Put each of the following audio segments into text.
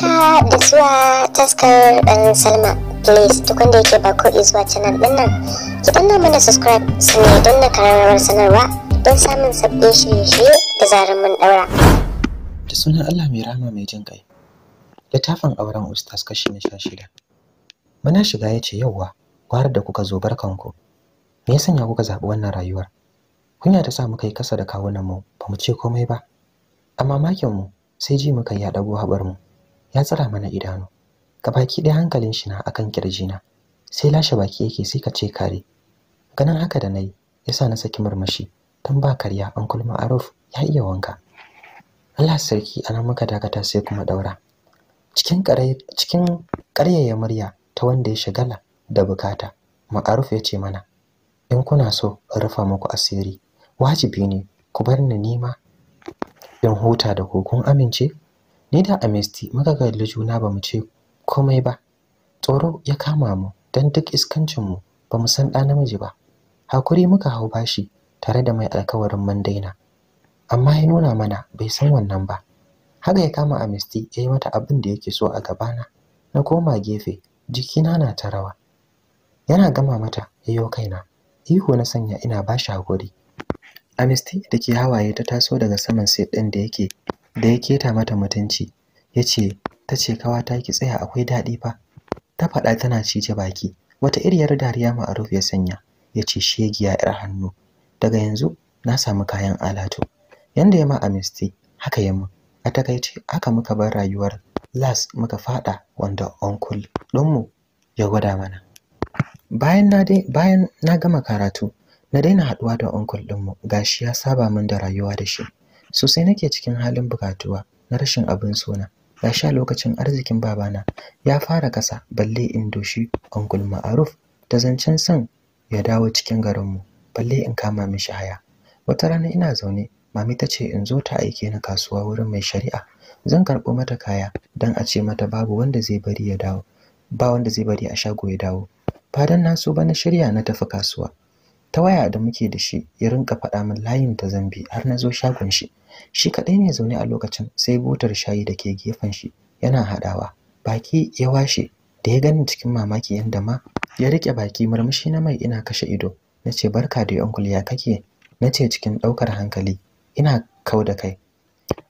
haka da zuwa taskar dan salma please duk wanda yake ba ko zuwa canal din nan ki danna mana subscribe su ne don na kararrawar sanarwa don samun sabbin shirye-shirye da zarar mun daura da sunan allah mai rama mai jin kai littafin auren ustaz kashi na sha shida muna shiga ya ce yauwa kwarar da kuka zo barkanku me ya sanya kuka zaɓi wannan rayuwar kunya ta sa muka yi kasa da kawunanmu ba mu ce komai ba amma mu sai ji muka yi dago ɗago mu. ya tsara mana idanu Ka baki ɗaya hankalin shi na akan na sai lashe baki yake sai ka ce kare ganin haka da nayi yasa na saki murmushi dan ba karya an kulma Ma'aruf ya iya wanka Allah sarki ana maka dakata sai kuma daura cikin karai cikin murya ta wanda ya shagala da bukata Ma'aruf ya ce mana in kuna so in rufa muku asiri wajibi ne ku bar ni nima in huta da kokon amince ni da amesti muka kalli juna ba mu ce komai ba tsoro ya kama mu dan duk iskancinmu ba mu san ɗa namiji ba hakuri muka hau bashi tare da mai alkawarin man daina amma ya nuna mana bai san wannan ba haka ya kama amesti ya yi mata abin da yake so a gabana na koma gefe jikina na ta rawa yana gama mata yayyo kaina ihu na sanya ina bashi hakuri amesti da ke hawaye ta taso daga saman sai ɗin da yake da ya keta mata mutunci ya ce ta ce kawata ki tsaya akwai daɗi fa ta faɗa tana cije baki wata iriyar dariya ma'aruf ya sanya ya ce shegiya yar hannu daga yanzu na samu kayan alatu yanda ya ma amisti haka ya a takaice haka muka bar rayuwar las muka faɗa, wanda onkul ɗinmu ya gwada mana bayan na gama karatu na daina haɗuwa da onkul ɗinmu gashi ya saba min da rayuwa da shi sosai nake cikin halin bukatuwa na rashin abin sona Ya sha lokacin arzikin babana ya fara kasa balle in doshi onkul Ta da zancen san ya dawo cikin garinmu balle in kama mishi haya wata rana ina zaune mami ta ce in zo ta aike na kasuwa wurin mai shari'a zan karɓo mata kaya don a ce mata babu wanda zai bari ya dawo ba wanda zai bari a shago ya dawo fadan na so bana shirya na tafi kasuwa ta waya da muke da shi ya rinka faɗa min layin ta zambi har na zo shagon shi shi kaɗai ne zaune a lokacin sai butar shayi da ke gefen shi yana haɗawa baki ya washe da ya gani cikin mamaki yadda ma ya rike baki murmushi na mai ina kashe ido na ce barka da yankul ya kake na cikin ɗaukar hankali ina kau da kai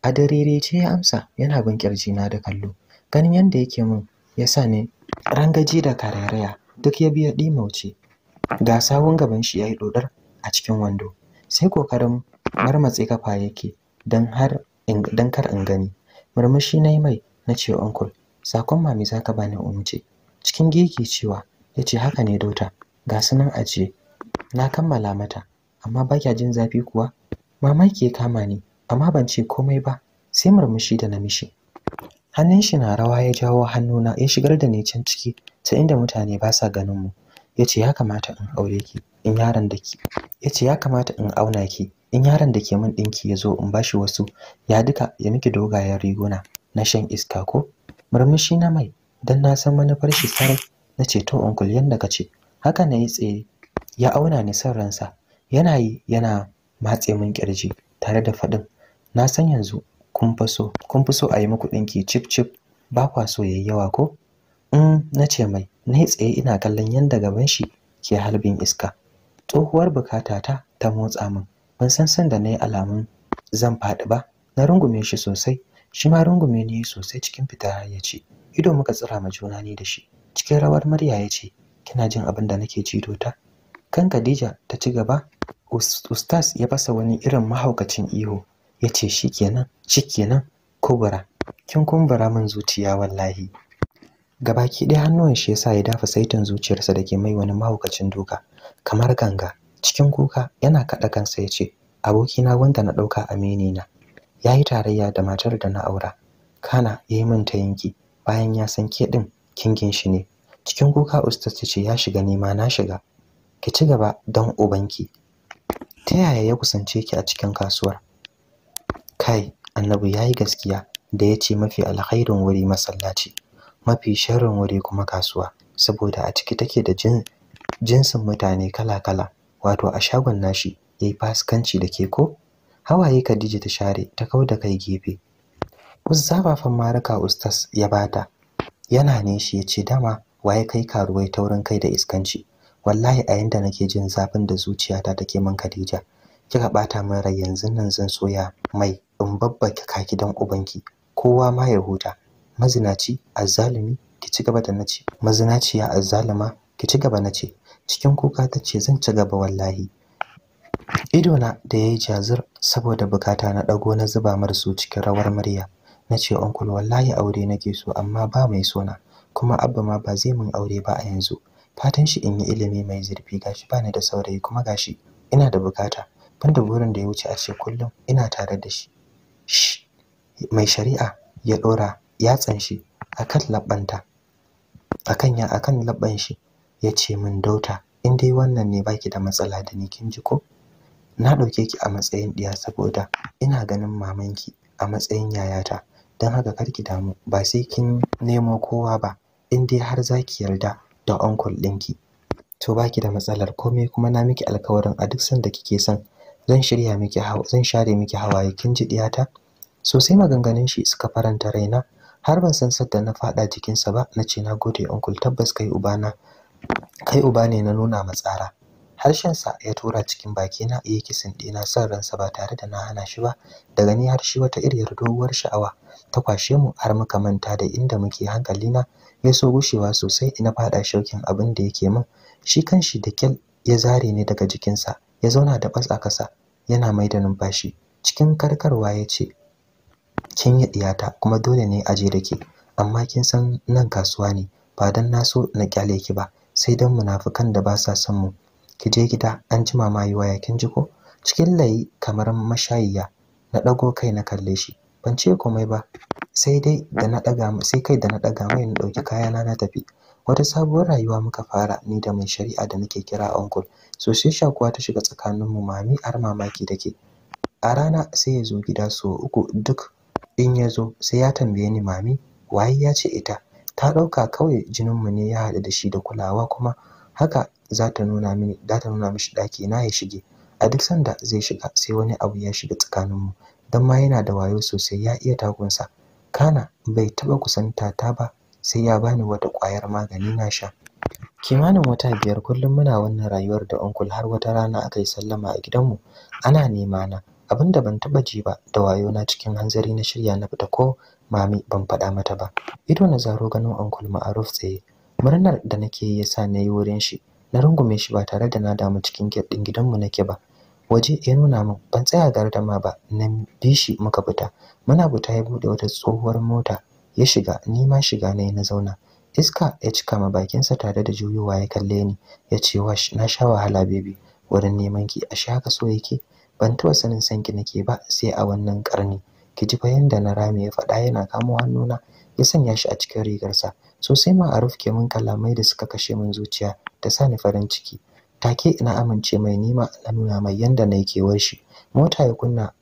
a dariri ce ya amsa yana bin na da kallo ganin yadda yake min ya sa ni rangaji da karairaya duk ya biya ɗimauce ga sawun gaban shi ya yi ɗodar a cikin wando sai kokarin marmatse kafa yake don har don kar in gani murmushi na yi mai nace ce uncle sakon mami za bani umce cikin gege cewa yace haka ne dota, ga sunan aje ajiye na kammala mata amma ba kya jin zafi kuwa mama ya kama ni amma ban ce komai ba sai murmushi da na mishi hannun shi na rawa ya jawo hannuna ya shigar da ni can ciki ta inda mutane ba sa ganin mu ya ya kamata in aure ki in yaron da ki ya ya kamata in auna ki in yaron da ke min ɗinki ya zo in bashi wasu ya duka ya miki dogayen riguna na shan iska ko murmushi na mai don na san manufar shi sarai na ceto to uncle yanda ka ce haka na yi tsaye ya auna ni son ransa yana yi yana matse min kirji tare da faɗin na san yanzu kun fi so kun fi so a yi muku dinki chip chip ba kwa so yayi yawa ko in mm, na ce mai na yi tsaye ina kallon yanda gaban shi ke halbin iska tsohuwar ta, ta motsa min ban san sanda na yi alamun zan faɗi ba na rungume shi sosai shi ma rungume ne sosai cikin fita ya ce ido muka tsira ma juna ni da shi cikin rawar murya ya ce kina jin abin da nake ji ta kan Khadija ta ci gaba ustaz ya fasa wani irin mahaukacin iho ya ce shi shi ko kubura kin kumbura min zuciya wallahi gabaki ɗaya hannuwan shi yasa ya dafa saitin zuciyarsa da ke mai wani mahaukacin duka kamar ganga cikin kuka yana kaɗa kansa ya ce abokina wanda na ɗauka amini na ya tarayya da matar da na aura kana ya yi min ta yanki bayan ya san ke kin kingin shi ne cikin kuka ustaz ta ce ya shiga nema na shiga ki ci gaba dan ubanki ta yaya ya kusance ki a cikin kasuwar kai annabi yayi gaskiya da ya ce mafi alkhairin wuri masallaci mafi sharrin wuri kuma kasuwa saboda a ciki take da jinsin mutane kala-kala wato a shagon nashi yayi fasikanci da ke ko hawaye Khadija ta share ta kau da kai gefe bafan maraka ustas ya bata yana ne shi ce dama waye kai karuwai taurin kai da iskanci wallahi a yanda nake jin zafin da zuciyata take man Khadija kika bata min rai yanzu nan zan soya mai in babbake kaki dan ubanki kowa ma ya huta mazinaci azzalumi ki ci gaba da nace mazinaciya azzaluma ki ci gaba nace cikin kuka ta ce zan ci gaba wallahi idona da ya yi jazir saboda bukata na ɗago na zuba marasu cikin rawar murya na ce onkul wallahi aure nake so amma ba mai sona kuma abba ma ba zai min aure ba a yanzu fatan shi in yi ilimi mai zurfi gashi bani da saurayi kuma gashi ina da bukata banda burin da ya wuce a ce kullum ina tare da shi mai shari'a ya ɗora yatsan shi akan labbanta akan ya akan labban shi ya ce min dauta in dai wannan ne baki da matsala da ni kin ji ko na ɗauke ki a matsayin ɗiya saboda ina ganin mamanki a matsayin yayata don haka kar ki damu ba sai kin nemo kowa ba in dai har za ki yarda da onkul ɗinki to baki da matsalar komai kuma na miki alkawarin a duk sanda kike son zan shirya miki zan share miki hawaye kin ji ɗiyata sosai maganganun shi suka faranta raina har ban san sadda na faɗa jikinsa ba na ce na gode onkul tabbas kai ubana kai uba ne na nuna ma tsara sa ya tura cikin bakina ya kisin ɗina son ransa ba tare da na hana shi ba daga ni har shi wata iriyar doguwar sha'awa ta kwashe mu har muka manta da inda muke hankali na ya so gushewa sosai ina faɗa shaukin abin da yake min shi kanshi da kyal ya zare ni daga jikinsa ya zauna da bas a kasa yana mai da numfashi cikin karkarwa ya ce kin yi ɗiyata kuma dole ne aje da ke amma kin san nan kasuwa ne ba don na so na kyale ki ba sai dan munafukan da ba sa son mu ki je gida an ji mama waya kin ji ko cikin layi kamar mashayiya na dago kai na kalle shi ban ce komai ba sai dai da na daga sai kai da na daga mai na dauki kaya na tafi wata sabuwar rayuwa muka fara ni da mai shari'a da nake kira uncle so sai shakuwa ta shiga tsakanin mu mami har mamaki ke. a rana sai ya zo gida so uku duk in ya zo sai ya tambaye ni mami waye ya ce ita ta ɗauka kawai jinin mu ne ya haɗu da shi da kulawa kuma haka za ta nuna mini za ta nuna mishi ɗaki na ya shige a duk sanda zai shiga sai wani abu ya shiga tsakanin mu dan ma yana da wayo sosai ya iya takunsa kana bai taɓa kusanta ta ba sai ya bani wata ƙwayar magani na sha kimanin wata biyar kullum muna wannan rayuwar da onkul har wata rana aka yi sallama a gidanmu ana nema na abinda ban taɓa ji ba da wayo na cikin hanzari na shirya na fita ko mami ban faɗa mata ba ido na zaro ganin uncle Ma'aruf tsaye murnar da nake yi na yi wurin shi na rungume shi ba tare da na damu cikin gate din gidanmu nake ba waje ya nuna min ban tsaya gardama ba na bi shi muka fita muna fita ya bude wata tsohuwar mota ya shiga ni ma shiga nayi na zauna iska ya cika ma bakinsa tare da juyowa ya kalle ni ya ce wash na sha wahala baby wurin neman ki a sha ka so yake ban taɓa sanin sanki nake ba sai a wannan karni ki ji fa yanda na rame ya faɗa yana kamo hannuna ya sanya shi a cikin rigarsa sosai a ke mun kalamai da suka kashe mun zuciya ta sa ni farin ciki take ina amince mai nima na nuna mai yanda na kewar warshi mota ya kunna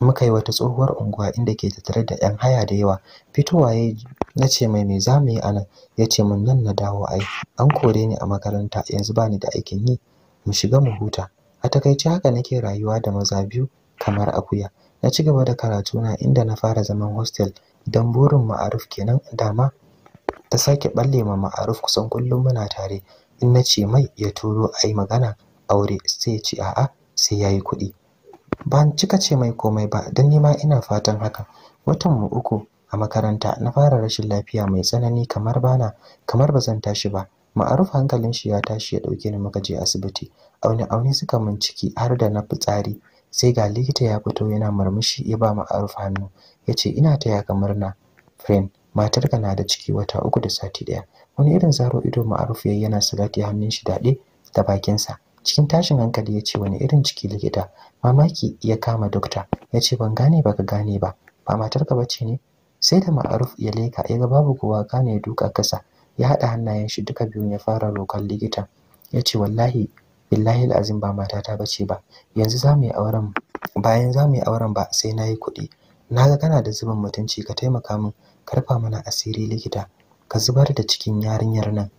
muka yi wata tsohuwar unguwa inda ke tattare da yan haya da yawa fitowa ya na ce mai me za mu yi anan ya ce mun nan na dawo ai an kore ni a makaranta yanzu ba ni da aikin yi mu shiga mu huta a takaice haka nake rayuwa da maza biyu kamar akuya na ci gaba da na inda na fara zaman hostel don burin ma'aruf kenan dama ta sake balle ma ma'aruf kusan kullum muna tare in na ce mai ya turo a yi magana aure sai ya ce a'a sai ya yi kuɗi ban cika ce mai komai ba don nima ina fatan haka watan mu uku a makaranta na fara rashin lafiya mai tsanani kamar bana kamar ba zan tashi ba ma'aruf hankalin shi ya tashi ya dauke ni muka je asibiti aune aune suka min ciki har da na fitsari sai ga likita ya fito yana murmushi ya ba ma'aruf hannu ya ce ina taya kamar na, fren matarka na da ciki wata uku da sati ɗaya wani irin zaro ido ma'aruf yayi yana salati hannun shi daɗe da bakinsa cikin tashin hankali ya ce wani irin ciki likita mamaki ya kama dokta ya ce ban gane ba ka gane ba ba matarka ba ce ne sai da ma'aruf ya leka ya ga babu kowa gane ya duka kasa ya haɗa hannayen shi duka biyun ya fara roƙon likitan ya ce wallahi billahi azim ba matata ba ce ba yanzu za mu yi auren bayan za mu yi auren ba sai na yi kuɗi na ga kana da zubin mutunci ka taimaka min karfa mana asiri likita ka zubar da cikin yarinyar nan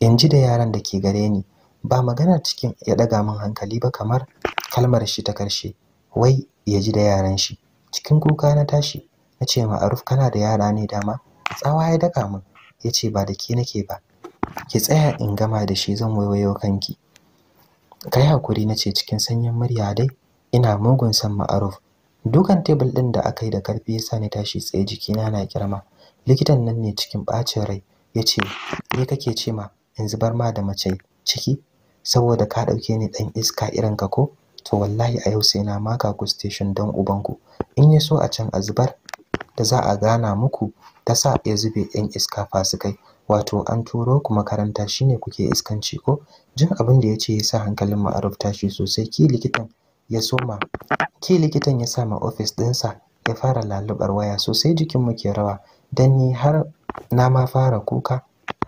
in ji da yaran da ke gare ni ba maganar cikin ya daga min hankali ba kamar kalmar shi ta karshe wai ya ji da yaran shi cikin kuka na tashi na ce ma'aruf kana da yara ne dama tsawa ya daka min ya ce ba da ke nake ba ki tsaya in gama da shi zan waiwayo kanki Kai yi hakuri na ce cikin sanyin murya dai ina mugun son ma'aruf dukan tebul ɗin da aka yi da karfi ya sani tashi tsaye jikina na girma likitan nan ne cikin bacin rai ya ce me kake ce ma in zubar ma da mace ciki saboda ka ɗauke ni ɗan iska irin ka ko to wallahi a yau sai na maka ku station don ubanku in ya so a can a zubar da za a gana muku ta sa ya zube yan iska fasikai wato an turo ku makaranta shine kuke iskanci ko jin abin da ya ce ya sa hankalin ma'aruf tashi sosai ki likitan ya soma ki likitan ya sa ma ofis ɗinsa ya fara lalubar waya sosai jikinmu ke rawa don ni har na ma fara kuka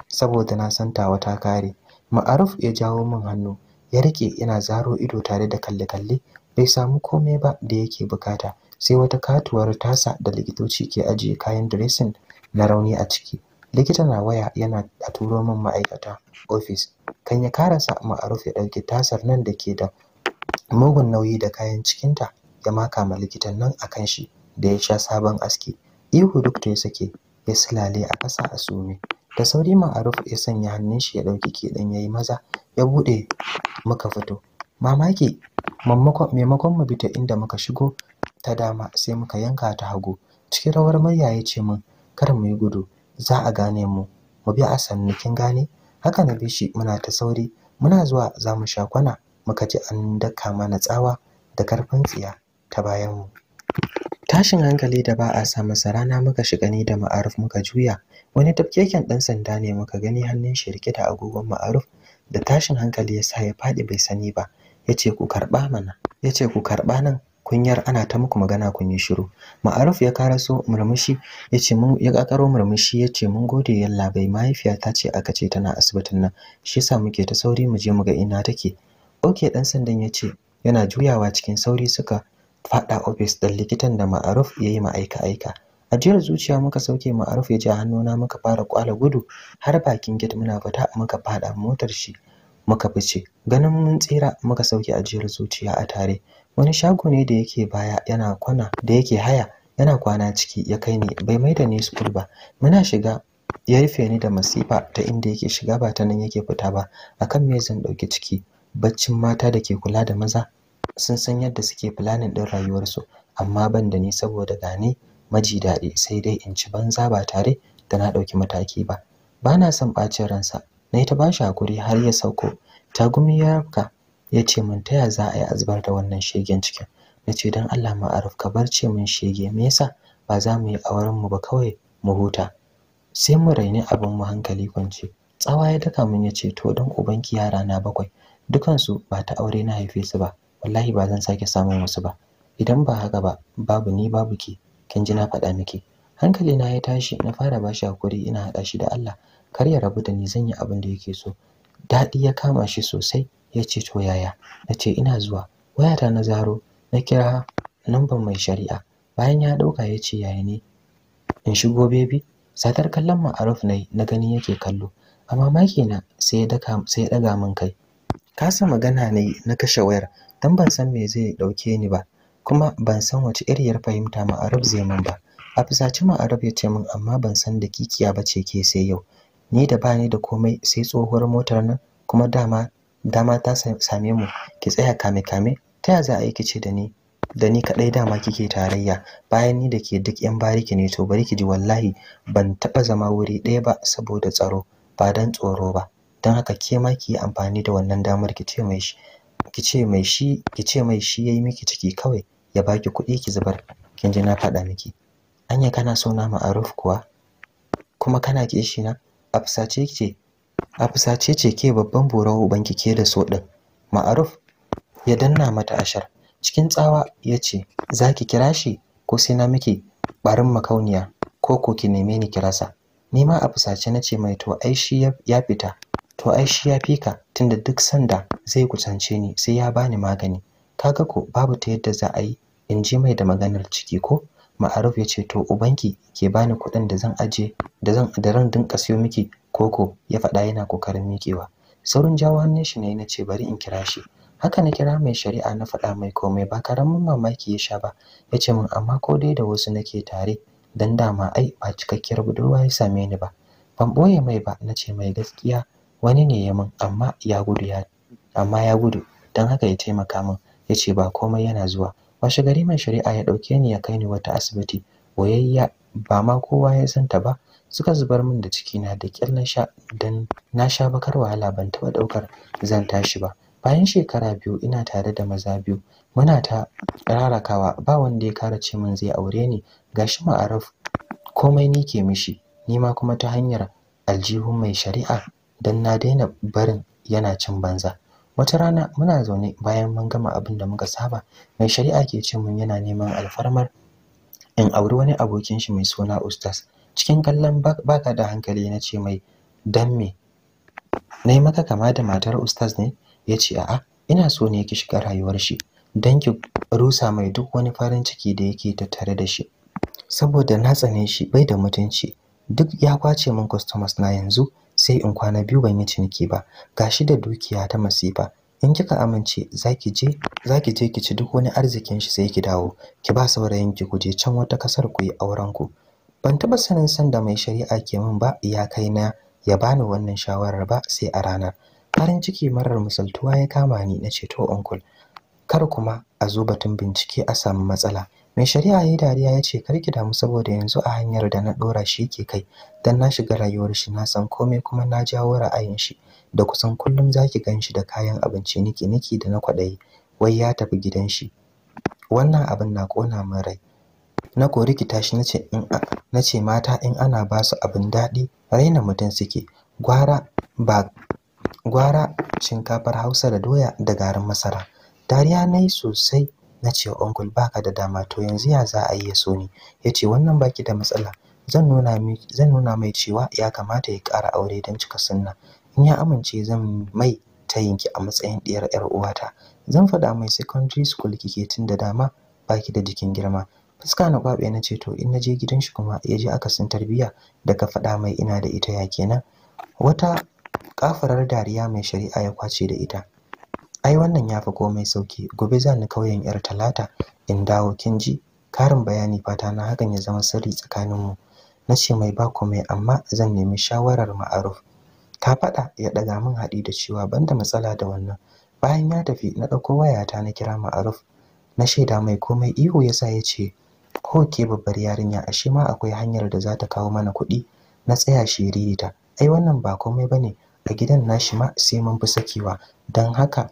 saboda na san tawa ta kare ma'aruf ya jawo min hannu ya rike ina zaro ido tare da kalle-kalle bai samu komai ba da yake bukata sai wata katuwar tasa da likitoci ke ajiye kayan dressing na rauni a ciki likita na waya yana a turo min ma'aikata ofis kan ya karasa ma'aruf ya ɗauki tasar nan da ke da mugun nauyi da kayan cikinta ya maka ma likitan nan a kan shi da ya sha sabon aski ihu duk da ya sake ya silale a ƙasa a sume da sauri ma a rufe ya sanya hannun shi ya ɗauki ke ɗan ya yi maza ya buɗe muka fito mamaki maimakon mu bi ta inda muka shigo ta dama sai muka yanka ta hagu cikin rawar murya ya ce min kar mu yi gudu za a gane mu mu bi a sannu kin gane haka na bi shi muna ta sauri muna zuwa za mu sha kwana muka ji an daka mana tsawa da karfin tsiya ta bayanmu tashin hankali da ba a sa masa rana muka shiga ni da ma'aruf muka juya wani tafkeken dan sanda ne muka gani hannun shi rike da agogon ma'aruf da tashin hankali ya sa ya faɗi bai sani ba ya ce ku karɓa mana ya ku karɓa nan kunyar ana ta muku magana kun yi shiru ma'aruf ya karaso murmushi ya mun ya kakaro murmushi ya ce mun gode yalla bai mahaifiya ta ce aka ce tana asibitin nan shi yasa muke ta sauri mu je mu ga ina take oke dan sandan ya ce yana juyawa cikin sauri suka faɗa ofis ɗin likitan da ma'aruf ya yi ma'aika aika ajiyar zuciya muka sauke ma'aruf ya ja hannuna muka fara kwala gudu har bakin get muna fita muka fada motar shi muka fice ganin mun tsira muka sauke ajiyar zuciya a tare wani shago ne da yake baya yana kwana da yake haya yana kwana ciki ya kai ni bai maida ni school ba muna shiga ya rufe ni da masifa ta inda yake shiga ba ta nan yake fita ba akan me zan dauki ciki baccin mata da ke kula da maza sun san yadda suke planning din rayuwarsu amma ban da ni saboda gane maji daɗi sai dai in ci banza ba tare da na ɗauki mataki ba ba na son ɓacin ransa na ta bashi hakuri har ya sauko tagumi ya rafka ya ce min taya za a yi azbar da wannan shegen cikin na ce don allah ma a rafka bar ce min shege me yasa ba za mu yi auren mu ba kawai mu huta sai mu raini abin mu hankali kwance tsawa ya daka mun ya ce to don ubanki yara na bakwai dukansu ba ta aure na haife su ba wallahi ba zan sake samun wasu ba idan ba haka ba babu ni babu ki kin ji na faɗa miki hankali na ya tashi na fara bashi hakuri ina haɗa shi da Allah kar ya rabu da ni zan yi abin da yake so daɗi ya kama shi sosai ya ce to yaya na ce ina zuwa wayata na zaro na kira lambar mai shari'a bayan ya ɗauka ya ce yaya ne in shigo bebi satar kallon ma'aruf na na gani yake kallo amma mamaki na sai ya daga min kai kasa magana ne na kashe wayar dan ban san me zai dauke ni ba kuma ban san wace iriyar fahimta ma'arab zai mun ba a fusaci ma'arab ya ce min amma ban san da kikiya ba ce ke sai yau ni da ba ni da komai sai tsohuwar motar nan kuma dama dama ta same mu ki tsaya kame kame ta ya za a yi kice da ni da ni kadai dama kike tarayya bayan ni da ke duk yan bariki ne to bari ki ji wallahi ban taba zama wuri ɗaya ba saboda tsaro ba dan tsoro ba don haka ke ma ki yi amfani da wannan damar ki ce mai shi ki ce mai shi ki ce mai shi yayi miki ciki kawai ya baki kuɗi ki zubar kin ji na faɗa miki anya kana so na ma'aruf kuwa kuma kana shi na afsace ce afsace ce ke babban burawo banki ke da so din ma'aruf ya danna mata ashar cikin tsawa ya ce za ki kira shi ko sai na miki barin makauniya ko ko ki neme ni kirasa ni ma a fusace na ce mai to ai shi ya fita to ai shi ya fi ka tunda duk sanda zai kusance ni sai ya bani magani kaga ko babu ta yadda za a yi in ji mai da maganar ciki ko ma'aruf ya ce to ubanki ke bani kuɗin da zan aje da zan da ran dinka siyo miki koko ya faɗa yana kokarin mikewa. saurin jawo hannun shi ne na ce bari in kira shi haka na kira mai shari'a na faɗa mai komai ba karamin mamaki ya sha ba ya ce min amma ko dai da wasu nake tare dan dama ai ba cikakkiyar budurwa ya same ni ba ban ɓoye mai ba nace mai gaskiya wani ne ya min amma ya gudu ya amma ya gudu don haka ya taimaka min ya ce ba komai yana zuwa washe gari mai shari'a ya ɗauke ni ya kai ni wata asibiti Wayayya, ba ma kowa ya san ta ba suka zubar min da cikina da ƙyar na sha don na sha bakar wahala ban taɓa ɗaukar zan tashi ba bayan shekara biyu ina tare da maza biyu muna ta rarakawa ba wanda ya kara ce min zai aure ni gashi ma'araf komai ni ke mishi ni ma kuma ta hanyar aljihun mai shari'a dan na daina barin yana cin banza wata rana muna zaune bayan mun gama abin da muka saba mai shari'a ke ce mun yana neman alfarmar in auri wani abokin shi mai suna ustaz cikin kallon baka da hankali na ce mai dan me na yi maka kama da matar ustaz ne ya ce a'a ina so ne ki shiga rayuwar shi dan ki rusa mai duk wani farin ciki da yake tattare da shi saboda na tsane shi bai da mutunci duk ya kwace min customers na yanzu sai in kwana biyu ban yi ciniki ba gashi da dukiya ta masifa in kika amince zaki je zaki je ki ci duk wani arzikin shi sai ki dawo ki ba saurayin ki kuje can wata kasar ku yi auren ku ban taba sanin sanda mai shari'a ke min ba ya kai na ya bani wannan shawarar ba sai a ranar farin ciki marar misaltuwa ya kama ni na ceto to uncle kar kuma a zo batun bincike a samu matsala Mai shari'a ya yi dariya ya ce ki damu saboda yanzu a hanyar da na dora shi ke kai dan na shiga rayuwar shi na san komai kuma na jawo ra'ayin shi da kusan kullum za zaki ganshi da kayan abinci niki niki da na kwaɗayi? wai ya tafi gidan shi wannan abin na kona min rai na kori ki tashi nace in ce mata in ana ba su abin daɗi raina mutum suke gwara ba gwara shinkafar Hausa da doya da garin masara dariya na yi sosai na ce uncle baka da dama to yanzu ya za a yi so ni ya ce wannan baki da matsala zan nuna mai cewa ya kamata ya ƙara aure don cika sunna in ya amince zan mai ta tayinki a matsayin ɗiyar yar uwata zan faɗa mai secondary school kike tun da dama baki da jikin girma fuska na kwabe na ce to in na je gidan shi kuma ya je akasin tarbiyya da ka faɗa mai ina da ita ya kenan wata kafarar dariya mai shari'a ya kwace da ita ai wannan ya fi komai sauki gobe za ni kauyen yar talata in dawo kin ji karin bayani fata na hakan ya zama sirri tsakanin mu nace mai ba komai amma zan nemi shawarar ma'aruf ta faɗa ya ɗaga min haɗi da cewa banda matsala da wannan bayan ya tafi na ɗauko ta na kira ma'aruf na shaida mai komai ihu yasa ya ce ko ke babbar yarinya ashe ma akwai hanyar da za ta kawo mana kuɗi na tsaya shiririta ai wannan ba komai bane a gidan nashi ma sai mun fi sakewa don haka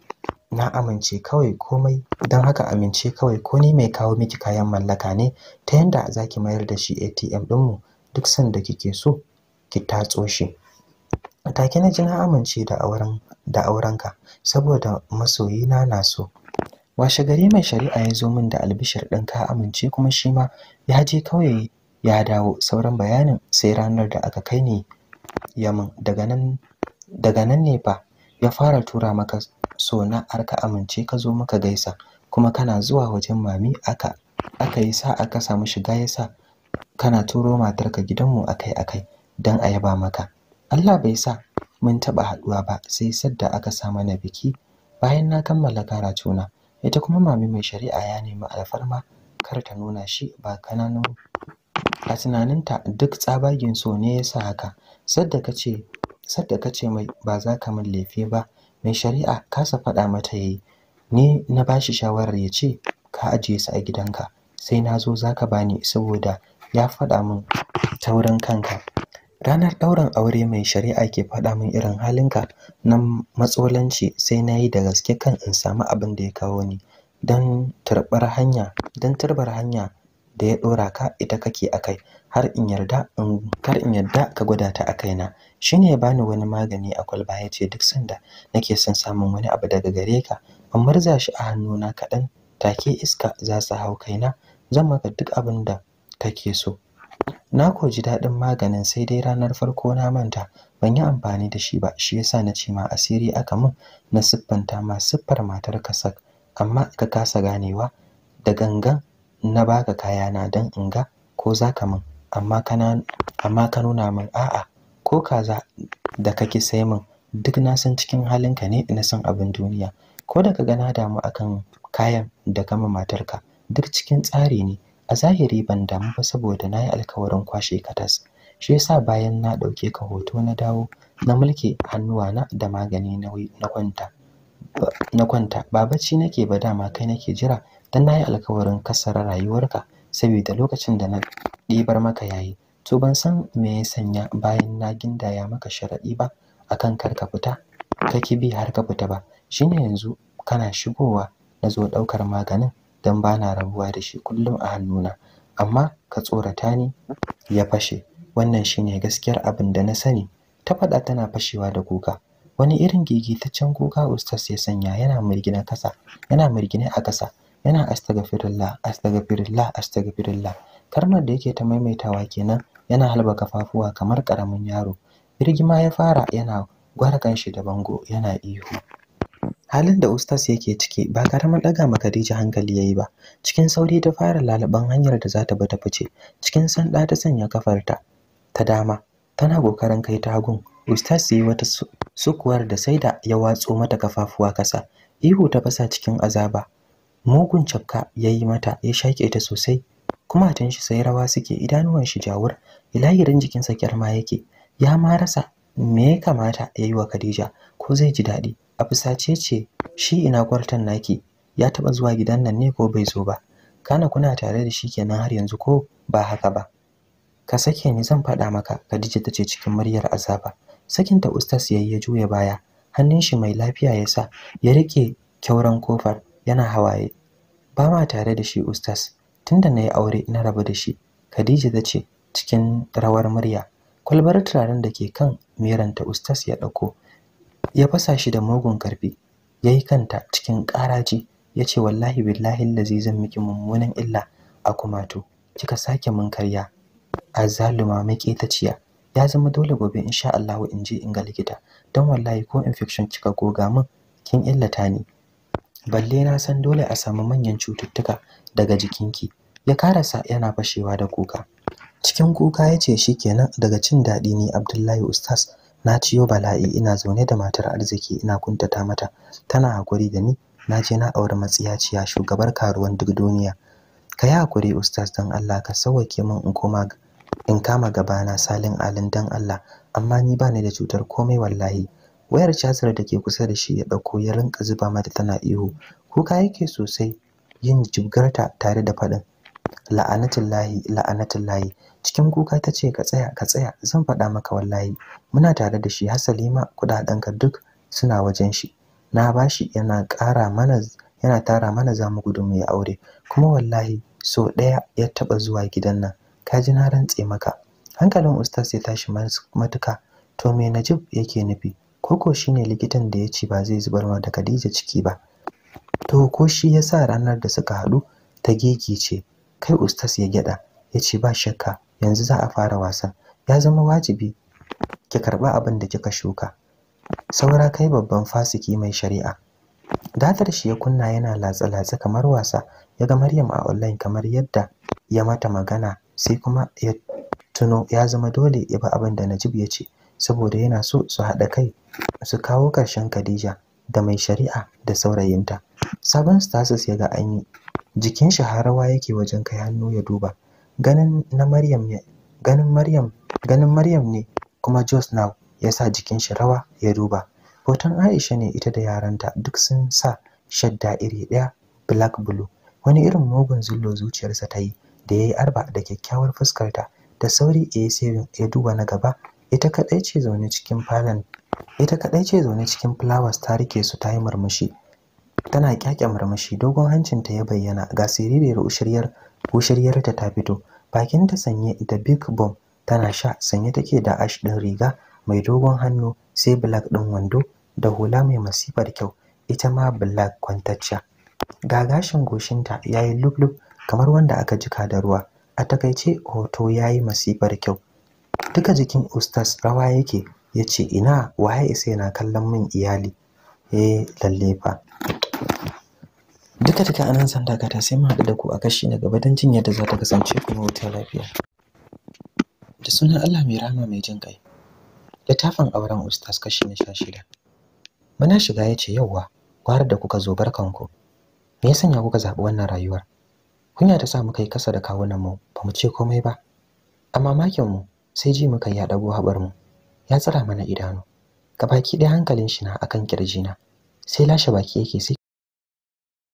na amince kawai komai don haka amince kawai ko ni mai kawo miki kayan mallaka ne ta yanda za ki mayar da shi ATM ɗinmu duk sanda kike so ki tatso shi take na ji na amince da da aurenka saboda masoyina na so washe gari mai shari'a ya zo min da albishir ɗin ka amince kuma shi ma ya je kawai ya dawo sauran bayanin sai ranar da aka kai ni yamin daga nan daga nan ne fa ya fara tura maka so na arka amince ka zo maka gaisa kuma kana zuwa wajen mami aka aka yi sa aka samu shiga yasa kana turo matarka gidanmu akai-akai don a yaba maka Allah bai sa mun taba haduwa ba sai sadda aka sa mana biki bayan na kammala karatu na ita kuma mami mai shari'a ya nemi alfarma kar ta nuna shi ba kananu a tunaninta duk tsabagin so ne yasa haka sadda ka ce sadda ka ce mai ba za ka min laifi ba mai shari'a kasa faɗa mata yayi ni na bashi shawarar ya ce ka ajiye su a gidanka sai na zo za ka bani saboda ya faɗa min taurin kanka ranar ɗaurin aure mai shari'a ke faɗa min irin halinka na matsolanci sai na yi da gaske kan in samu abin da ya kawo ni don turbar hanya don turbar hanya da ya ɗora ka ita kake a kai har in yarda kar in yarda ka gwada ta a kai kaina shine ya bani wani magani a kwalba ya ce duk sanda nake son samun wani abu daga gare ka in murza shi a hannuna kaɗan take iska za su hau na, zan maka duk abin da kake so na koji daɗin maganin sai dai ranar farko na manta ban yi amfani da shi ba shi yasa na ce ma asiri aka mun na siffanta ma siffar matar kasak amma ka kasa ganewa da gangan na baka na don in ga ko za ka min amma ka nuna min a'a ko kaza da kake sai min duk na san cikin halinka ne na san abin duniya ko da ka ga na damu akan kayan da kama matarka duk cikin tsari ne a zahiri ban damu ba saboda na yi alkawarin kwashe katas. Shi shi yasa bayan na ɗauke ka hoto na dawo na hannuwa na da magani na kwanta na kwanta ba bacci nake ba dama kai nake jira dan nayi alƙawarin kasara rayuwarka saboda lokacin da na ɗibar maka yayi to ban san me ya sanya bayan na gindaya maka sharaɗi ba akan kar ka fita kake bi har ka fita ba shine yanzu kana shigowa na zo ɗaukar maganin dan bana rabuwa da shi kullum a hannuna amma ka tsorata ni ya fashe wannan shine gaskiyar abin da na sani ta faɗa tana fashewa da kuka wani irin gigitaccen kuka ustas ya sanya yana mirgina kasa yana mirgine a kasa yana astagfirullah astagfirullah astagfirullah karmar da yake ta maimaitawa kenan yana halba kafafuwa kamar karamin yaro birgima ya fara yana gwara shi da bango yana ihu halin da ustas yake ciki ba karamin daga ma Khadija hankali yayi ba cikin sauri ta fara lalaban hanyar da za ta bi ta fice cikin sanda ta sanya kafarta ta dama tana kokarin kai ta hagun ustas yayi wata sukuwar da saida ya watso mata kafafuwa kasa ihu ta fasa cikin azaba mugun cakka ya yi mata ya shaƙe ta sosai kuma tun shi sai rawa suke idanuwan shi jawur ilahirin jikinsa kyarma yake ya ma rasa me ya kamata ya yi wa Khadija ko zai ji daɗi a fusace ce shi ina kwartan naki ya taɓa zuwa gidan nan ne ko bai zo ba kana kuna tare da shi kenan har yanzu ko ba haka ba ka sake ni zan faɗa maka Khadija ta ce cikin muryar azaba sakinta ustas yayi ya juya baya hannun shi mai lafiya ya sa ya rike kyauran kofar yana hawaye ba ma tare da shi ustas tunda na yi aure na rabu da shi khadija ta ce cikin rawar murya kwalbar turaren da ke kan meranta ustas ya ɗauko ya fasa shi da mugun karfi ya yi kanta cikin ƙaraji ya ce wallahi billahi lazizin zan miki mummunan illa a kumato kika sake mun karya azaluma ciya ya zama dole gobe insha Allah in je in ga likita don wallahi ko infection kika goga min kin illata ni balle na san dole a samu manyan cututtuka daga jikinki ya karasa yana fashewa da kuka cikin kuka ya ce shikenan daga cin daɗi ne abdullahi ustaz na ciyo bala'i ina zaune da matar arziki ina kuntata mata tana hakuri da ni na je na auri matsiyaciya shugabar karuwan duk duniya ka yi hakuri ustaz don allah ka sauwake min in koma in kama gabana salin alin don allah amma ni ba ni da cutar komai wallahi wayar cajar da ke kusa da shi ya dauko ya rinka zuba mata tana ihu kuka yake sosai yin jibgarta tare da faɗin la'anatullahi la'anatullahi cikin kuka ta ce ka tsaya ka tsaya zan faɗa maka wallahi muna tare da shi hasali ma ka duk suna wajen shi na bashi yana ƙara mana yana tara mana za mu gudu mu yi aure kuma wallahi so ɗaya ya taɓa zuwa gidan nan ka ji na rantse maka hankalin ustaz ya tashi matuka to me najib yake nufi koko shine likitan da ya ce ba zai zubar ma da Khadija ciki ba to ko shi sa ranar da suka haɗu ta ce, kai ustas ya gyada ya ce ba shakka yanzu za a fara wasan ya zama wajibi ki karba abin da kika shuka saura kai babban fasiki mai shari'a datar shi ya kunna yana latsa-latsa kamar wasa ya ga Maryam a online kamar yadda ya mata magana sai kuma ya tuno ya zama dole ya bi abin da Najib ya ce saboda yana so su haɗa kai su kawo ƙarshen Khadija da mai shari'a da saurayinta. Sabon status ya ga an yi, jikin shi yake wajen kai hannu ya duba. Ganin na Maryam ne, ganin Maryam, ganin Maryam ne kuma Jos na ya sa jikin shi rawa ya duba. Hoton Aisha ne ita da yaranta duk sun sa shadda iri ɗaya black blue. Wani irin mugun zullo zuciyarsa ta yi da ya yi arba da kyakkyawar fuskarta da sauri a yi ya duba na gaba ita kaɗai ce zaune cikin falon ita kaɗai ce zaune cikin flowers ta rike su ta yi murmushi tana kyakya murmushi dogon hancinta ya bayyana ga siririyar ushiryar ushiryar ta ta fito bakinta sanye da big bomb tana sha sanye take da ash ɗin riga mai dogon hannu sai black ɗin wando da hula mai masifar kyau ita ma black kwantacciya ga gashin goshinta yi lublub kamar wanda aka jika da ruwa a takaice hoto ya yi masifar kyau duka jikin ustas rawa yake ya ce ina waye isa yana kallon min iyali eh lalle fa duka duka anan san dakata sai mu haɗu da ku a kashi na gaba don jin yadda za ta kasance kuma wata lafiya da sunan Allah mai rana mai jin kai littafin auren ustaz kashi na sha shida muna shiga ya ce yauwa gwarar da kuka zo barkanku me ya sanya kuka zaɓi wannan rayuwar kunya ta sa muka yi kasa da kawunan mu ba mu ce komai ba amma makin mu sai ji muka ya ɗago habar mu ya tsira mana idanu baki ɗaya hankalin shi na akan na. sai lashe baki yake sai